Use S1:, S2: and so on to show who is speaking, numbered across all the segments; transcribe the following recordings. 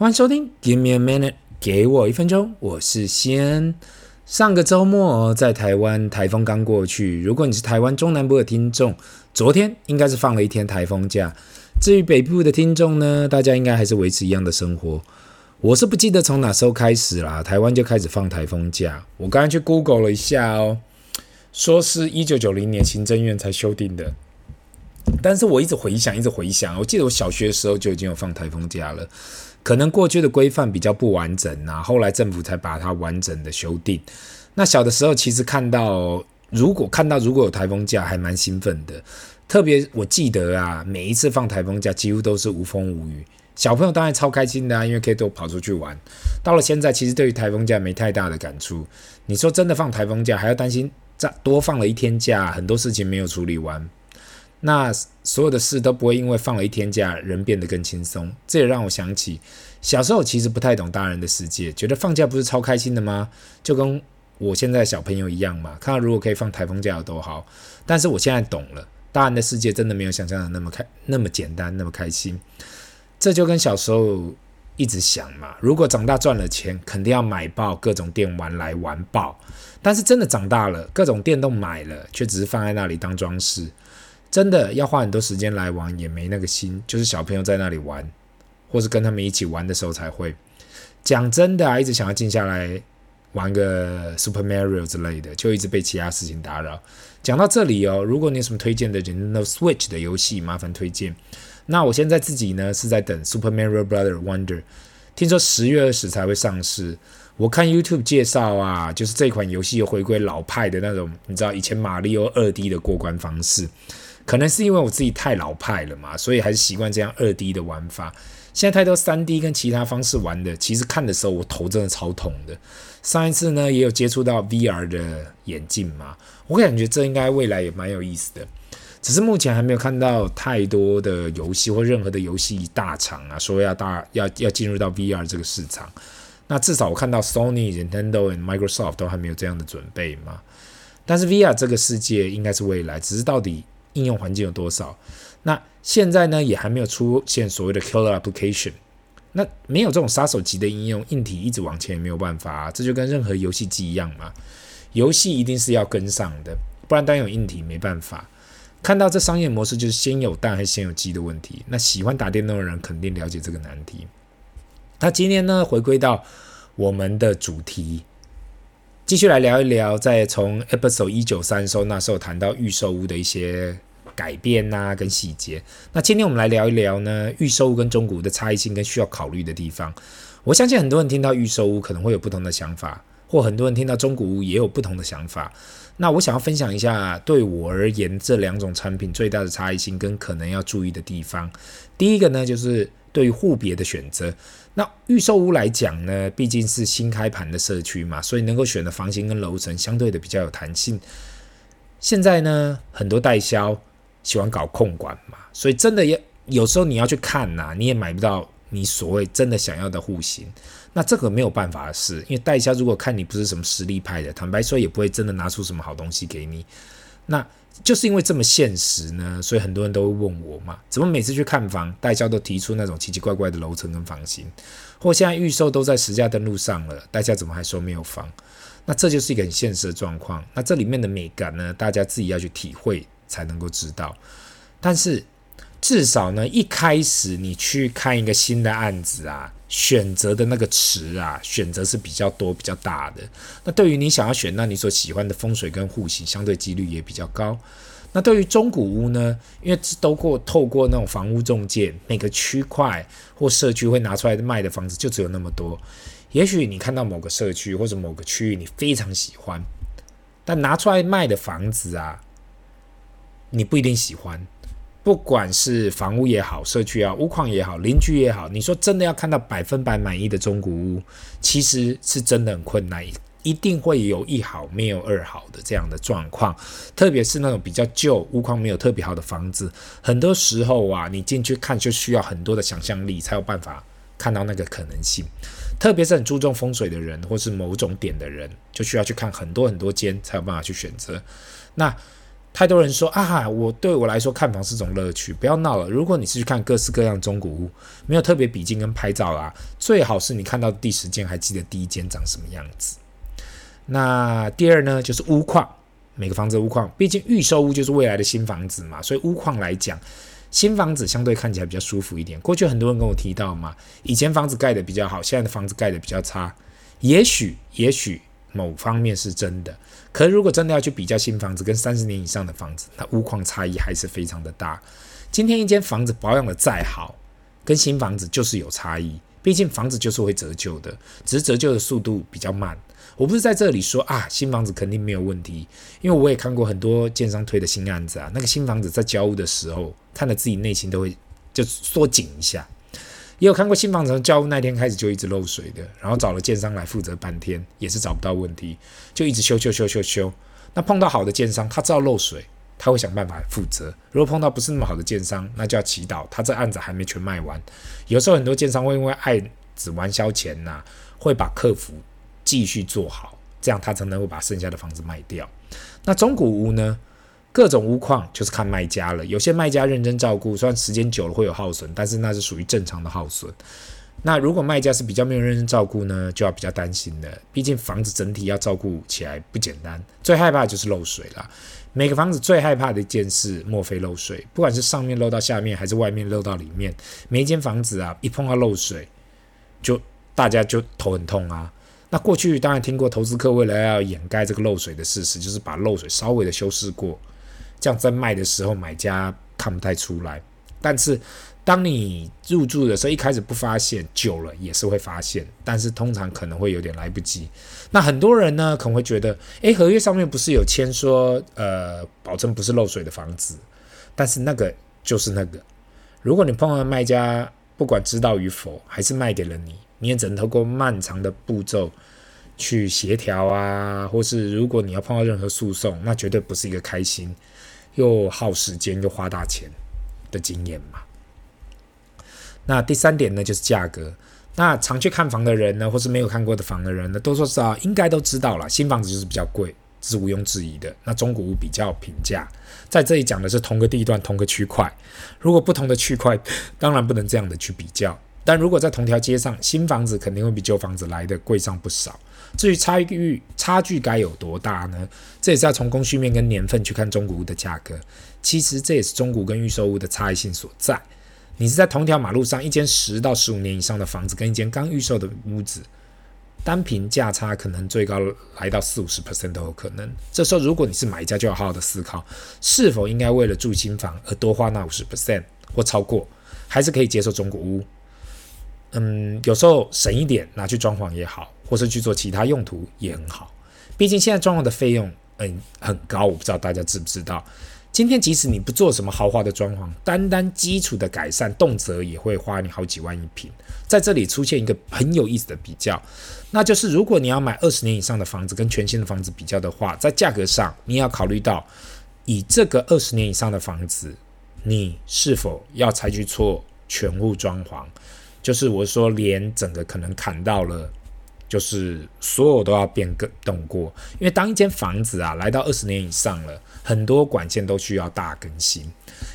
S1: 歡迎收聽，Give me a minute，給我一分鐘。我是西恩。上個周末在台灣，台風剛過去。如果你是台灣中南部的聽眾，昨天應該是放了一天台風假。至於北部的聽眾呢，大家應該還是維持一樣的生活。我是不記得從哪時候開始啦，台灣就開始放台風假。我剛剛去 Google 了一下哦，說是一九九零年行政院才修訂的。但是我一直回想，一直回想，我記得我小學的時候就已經有放台風假了，可能過去的規範比較不完整啊，後來政府才把它完整的修訂。那小的時候其實看到，如果看到如果有台風假，還蠻興奮的。特別我記得啊，每一次放台風假，幾乎都是無風無雨，小朋友當然超開心的啊，因為可以多跑出去玩。到了現在，其實對於台風假沒太大的感觸。你說真的放台風假，還要擔心再多放了一天假，很多事情沒有處理完。那所有的事都不會因為放了一天假，人變得更輕鬆。這也讓我想起小時候，其實不太懂大人的世界，覺得放假不是超開心的嗎？就跟我現在的小朋友一樣嘛，看到如果可以放台風假有多好。但是我現在懂了，大人的世界真的沒有想象的那麼開那麼簡單，那麼開心。這就跟小時候一直想嘛，如果長大賺了錢，肯定要買爆各種電玩來玩爆。但是真的長大了，各種電動買了，卻只是放在那裡當裝飾。真的要花很多時間來玩，也沒那個心。就是小朋友在那裡玩，或是跟他們一起玩的時候才會講真的啊，一直想要靜下來玩個 Super Mario 之類的，就一直被其他事情打擾。講到這裡哦，如果你有什麼推薦的 n i n e o Switch 的遊戲，麻煩推薦。那我現在自己呢是在等 Super Mario Brothers Wonder，聽說十月二十才會上市。我看 YouTube 介紹啊，就是這款遊戲又回歸老派的那種，你知道以前馬 a 歐二 2D 的過關方式。可能是因為我自己太老派了嘛，所以還是習慣這樣二 D 的玩法。現在太多三 D 跟其他方式玩的，其實看的時候我頭真的超痛的。上一次呢也有接觸到 VR 的眼鏡嘛，我感覺這應該未來也蠻有意思的。只是目前還沒有看到太多的遊戲或任何的遊戲大廠啊，說要大要要進入到 VR 這個市場。那至少我看到 Sony、Nintendo 和 Microsoft 都還沒有這樣的準備嘛。但是 VR 這個世界應該是未來，只是到底。應用環境有多少？那現在呢，也還沒有出現所謂的 killer application。那沒有這種殺手級的應用，硬體一直往前也沒有辦法啊，這就跟任何遊戲機一樣嘛，遊戲一定是要跟上的，不然單有硬體沒辦法。看到這商業模式，就是先有蛋還是先有雞的問題。那喜歡打電動的人肯定了解這個難題。那今天呢，回歸到我們的主題。繼續來聊一聊，在從 episode 一九三的時候，那時候談到預售屋的一些改變吶、啊、跟細節。那今天我們來聊一聊呢，預售屋跟中古屋的差異性跟需要考慮的地方。我相信很多人聽到預售屋，可能會有不同的想法，或很多人聽到中古屋也有不同的想法。那我想要分享一下、啊、對我而言，這兩種產品最大的差異性跟可能要注意的地方。第一個呢，就是對於戶別的選擇。那預售屋來講呢，畢竟是新開盤的社區嘛，所以能夠選的房型跟樓層相對的比較有彈性。現在呢，很多代銷喜歡搞控管嘛，所以真的也有時候你要去看吶、啊，你也買不到你所謂真的想要的戶型。那這個沒有辦法的事，因為代銷如果看你不是什麼實力派的，坦白說也不會真的拿出什麼好東西給你。那就是因為這麼現實呢，所以很多人都會問我嘛，怎麼每次去看房，代銷都提出那種奇奇怪怪的樓層跟房型，或現在預售都在實價登錄上了，代銷怎麼還說沒有房？那這就是一個很現實的狀況。那這裡面的美感呢，大家自己要去體會才能夠知道。但是至少呢，一開始你去看一個新的案子啊。選擇的那個池啊，選擇是比較多、比較大的。那對於你想要選那你所喜歡的風水跟戶型，相對幾率也比較高。那對於中古屋呢？因為都過透過那種房屋中介，每個區塊或社區會拿出來賣的房子就只有那麼多。也許你看到某個社區或者某個區域你非常喜歡，但拿出來賣的房子啊，你不一定喜歡。不管是房屋也好，社區啊，屋況也好，鄰居也好，你說真的要看到百分百滿意的中古屋，其實是真的很困難，一定會有一好沒有二好的這樣的狀況。特別是那種比較舊，屋況沒有特別好的房子，很多時候啊，你進去看就需要很多的想象力，才有辦法看到那個可能性。特別是很注重風水的人，或是某種點的人，就需要去看很多很多間，才有辦法去選擇。那。太多人說啊，我對我來說看房是種樂趣，不要鬧了。如果你是去看各式各樣的中古屋，沒有特別筆記跟拍照啊，最好是你看到第十間還記得第一間長什麼樣子。那第二呢，就是屋況，每個房子的屋況。畢竟預售屋就是未來的新房子嘛，所以屋況來講，新房子相對看起來比較舒服一點。過去很多人跟我提到嘛，以前房子蓋得比較好，現在的房子蓋得比較差。也許，也許，某方面是真的，可如果真的要去比較新房子跟三十年以上的房子，那屋況差異還是非常的大。今天一間房子保養得再好，跟新房子就是有差異，畢竟房子就是會折舊的，只是折舊的速度比較慢。我不是在這裡說啊，新房子肯定沒有問題，因為我也看過很多建商推的新案子啊，那個新房子在交屋的時候，看了自己內心都會就縮緊一下。也有看過新房子交屋那天開始就一直漏水的，然後找了建商來負責半天，也是找不到問題，就一直修修修修修。那碰到好的建商，他知道漏水，他會想辦法來負責；如果碰到不是那麼好的建商，那就要祈禱他這案子還沒全賣完。有時候很多建商會因為愛只玩消錢吶、啊，會把客服繼續做好，這樣他才能夠把剩下的房子賣掉。那中古屋呢？各種屋況就是看賣家了。有些賣家認真照顧，雖然時間久了會有耗損，但是那是屬於正常的耗損。那如果賣家是比較沒有認真照顧呢，就要比較擔心的。畢竟房子整體要照顧起來不簡單，最害怕就是漏水了。每個房子最害怕的一件事，莫非漏水。不管是上面漏到下面，還是外面漏到裡面，每一間房子啊，一碰到漏水，就大家就頭很痛啊。那過去當然聽過投資客為了要掩蓋這個漏水的事實，就是把漏水稍微的修飾過。這樣在賣的時候，買家看不太出來。但是，當你入住的時候，一開始不發現，久了也是會發現。但是通常可能會有點來不及。那很多人呢，可能會覺得，誒，合約上面不是有簽說，呃，保證不是漏水的房子。但是那個就是那個。如果你碰到賣家，不管知道與否，還是賣給了你，你也只能透過漫長的步驟。去協調啊，或是如果你要碰到任何訴訟，那絕對不是一個開心又耗時間又花大錢的經驗嘛。那第三點呢，就是價格。那常去看房的人呢，或是沒有看過的房的人呢，都說是啊，應該都知道了，新房子就是比較貴，是毋庸置疑的。那中古屋比較平價，在這裡講的是同個地段、同個區塊。如果不同的區塊，當然不能這樣的去比較。但如果在同條街上，新房子肯定會比舊房子來的貴上不少。至於差距差距該有多大呢？這也是要從供需面跟年份去看中古屋的價格。其實這也是中古跟預售屋的差異性所在。你是在同條馬路上一間十到十五年以上的房子，跟一間剛預售的屋子，單坪價差可能最高來到四五十 percent 都有可能。這時候如果你是買家，就要好好的思考，是否應該為了住新房而多花那五十 percent 或超過，還是可以接受中古屋？嗯，有時候省一點拿去裝潢也好。或是去做其他用途也很好，畢竟現在裝潢的費用嗯很高，我不知道大家知不知道。今天即使你不做什麼豪華的裝潢，單單基礎的改善，動輒也會花你好幾萬一坪。在這裡出現一個很有意思的比較，那就是如果你要買二十年以上的房子，跟全新的房子比較的話，在價格上你要考慮到，以這個二十年以上的房子，你是否要採取錯全屋裝潢，就是我說連整個可能砍到了。就是所有都要變更動過，因為當一間房子啊來到二十年以上了，很多管線都需要大更新，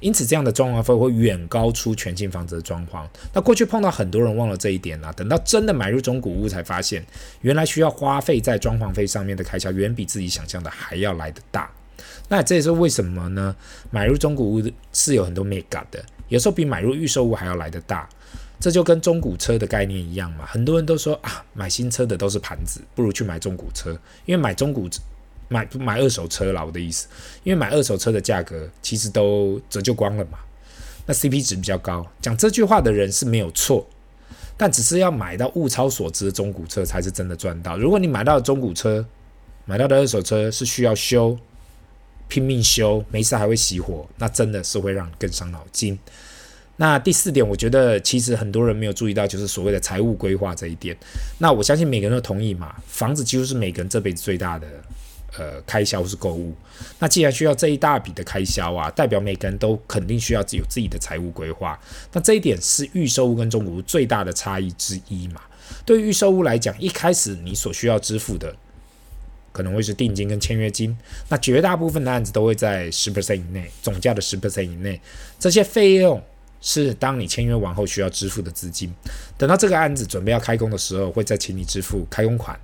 S1: 因此這樣的裝潢費會遠高出全新房子的裝潢。那過去碰到很多人忘了這一點啊，等到真的買入中古屋才發現，原來需要花費在裝潢費上面的開銷遠比自己想象的還要來得大。那這也是為什麼呢，買入中古屋是有很多眉角的，有時候比買入預售屋還要來得大。這就跟中古車的概念一樣嘛，很多人都說啊，買新車的都是盤子，不如去買中古車，因為買中古、買買二手車了，我的意思，因為買二手車的價格其實都折舊光了嘛，那 CP 值比較高。講這句話的人是沒有錯，但只是要買到物超所值的中古車才是真的賺到。如果你買到的中古車，買到的二手車是需要修，拼命修，沒事還會熄火，那真的是會讓你更傷腦筋。那第四點，我覺得其實很多人沒有注意到，就是所謂的財務規劃這一點。那我相信每個人都同意嘛，房子幾乎是每個人這輩子最大的呃開銷或是購物。那既然需要這一大筆的開銷啊，代表每個人都肯定需要有自己的財務規劃。那這一點是預售屋跟中古屋最大的差異之一嘛。對於預售屋來講，一開始你所需要支付的可能會是定金跟簽約金，那絕大部分的案子都會在十 percent 以內，總價的十 percent 以內，這些費用。是，當你簽約完後需要支付的資金，等到這個案子準備要開工的時候，會再請你支付開工款。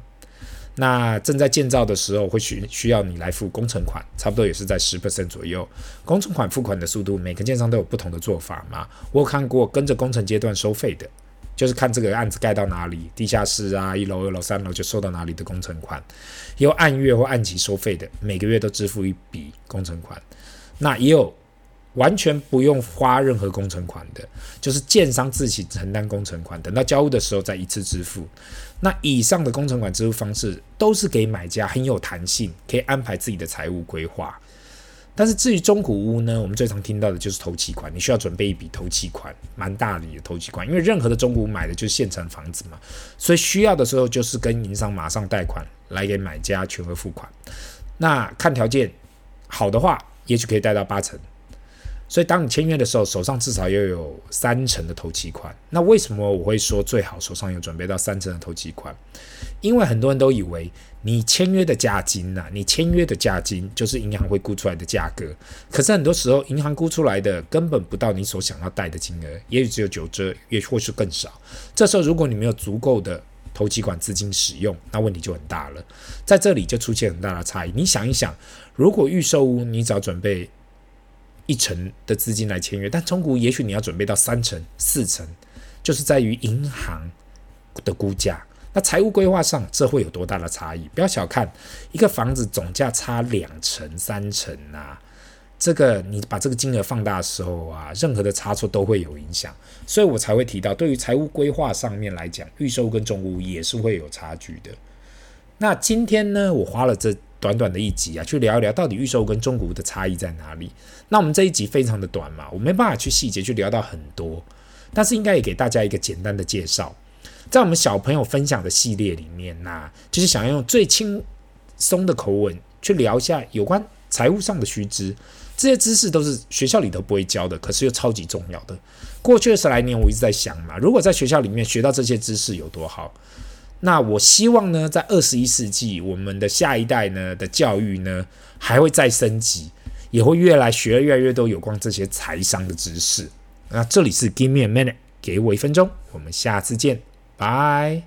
S1: 那正在建造的時候，會需需要你來付工程款，差不多也是在十 percent 左右。工程款付款的速度，每個建商都有不同的做法嘛。我有看過跟着工程階段收費的，就是看這個案子蓋到哪裡，地下室啊、一樓、二樓、三樓就收到哪裡的工程款。有按月或按季收費的，每個月都支付一筆工程款。那也有。完全不用花任何工程款的，就是建商自己承擔工程款，等到交屋的時候再一次支付。那以上的工程款支付方式都是給買家很有彈性，可以安排自己的財務規劃。但是至於中古屋呢，我們最常聽到的就是頭期款，你需要準備一筆頭期款，蠻大的你的頭期款，因為任何的中古屋買的就是現成房子嘛，所以需要的時候就是跟銀商馬上貸款來給買家全額付款。那看條件好的話，也許可以貸到八成。所以，當你簽約的時候，手上至少要有三成的頭期款。那為什麼我會說最好手上有準備到三成的頭期款？因為很多人都以為你簽約的價金呢、啊，你簽約的價金就是銀行會估出來的價格。可是很多時候，銀行估出來的根本不到你所想要貸的金額，也許只有九折，也許或是更少。這時候，如果你沒有足夠的頭期款資金使用，那問題就很大了。在這裡就出現很大的差異。你想一想，如果預售屋，你只要準備。一成的資金來簽約，但中古也許你要準備到三成、四成，就是在於銀行的估價。那財務規劃上，這會有多大的差異？不要小看一個房子總價差兩成、三成啊！這個你把這個金額放大的時候啊，任何的差錯都會有影響。所以我才會提到，對於財務規劃上面來講，預售跟中古也是會有差距的。那今天呢，我花了這。短短的一集啊，去聊一聊到底預售跟中古的差異在哪裡。那我們這一集非常的短嘛，我沒辦法去細節去聊到很多，但是應該也給大家一個簡單的介紹。在我們小朋友分享的系列裡面吶、啊，就是想要用最輕鬆的口吻去聊一下有關財務上的須知，這些知識都是學校裡頭不會教的，可是又超級重要的。過去十來年，我一直在想嘛，如果在學校裡面學到這些知識有多好。那我希望呢，在二十一世紀，我們的下一代呢的教育呢，還會再升級，也會越來學越來越多有關這些財商的知識。那這裡是 Give me a minute，給我一分鐘，我們下次見，拜。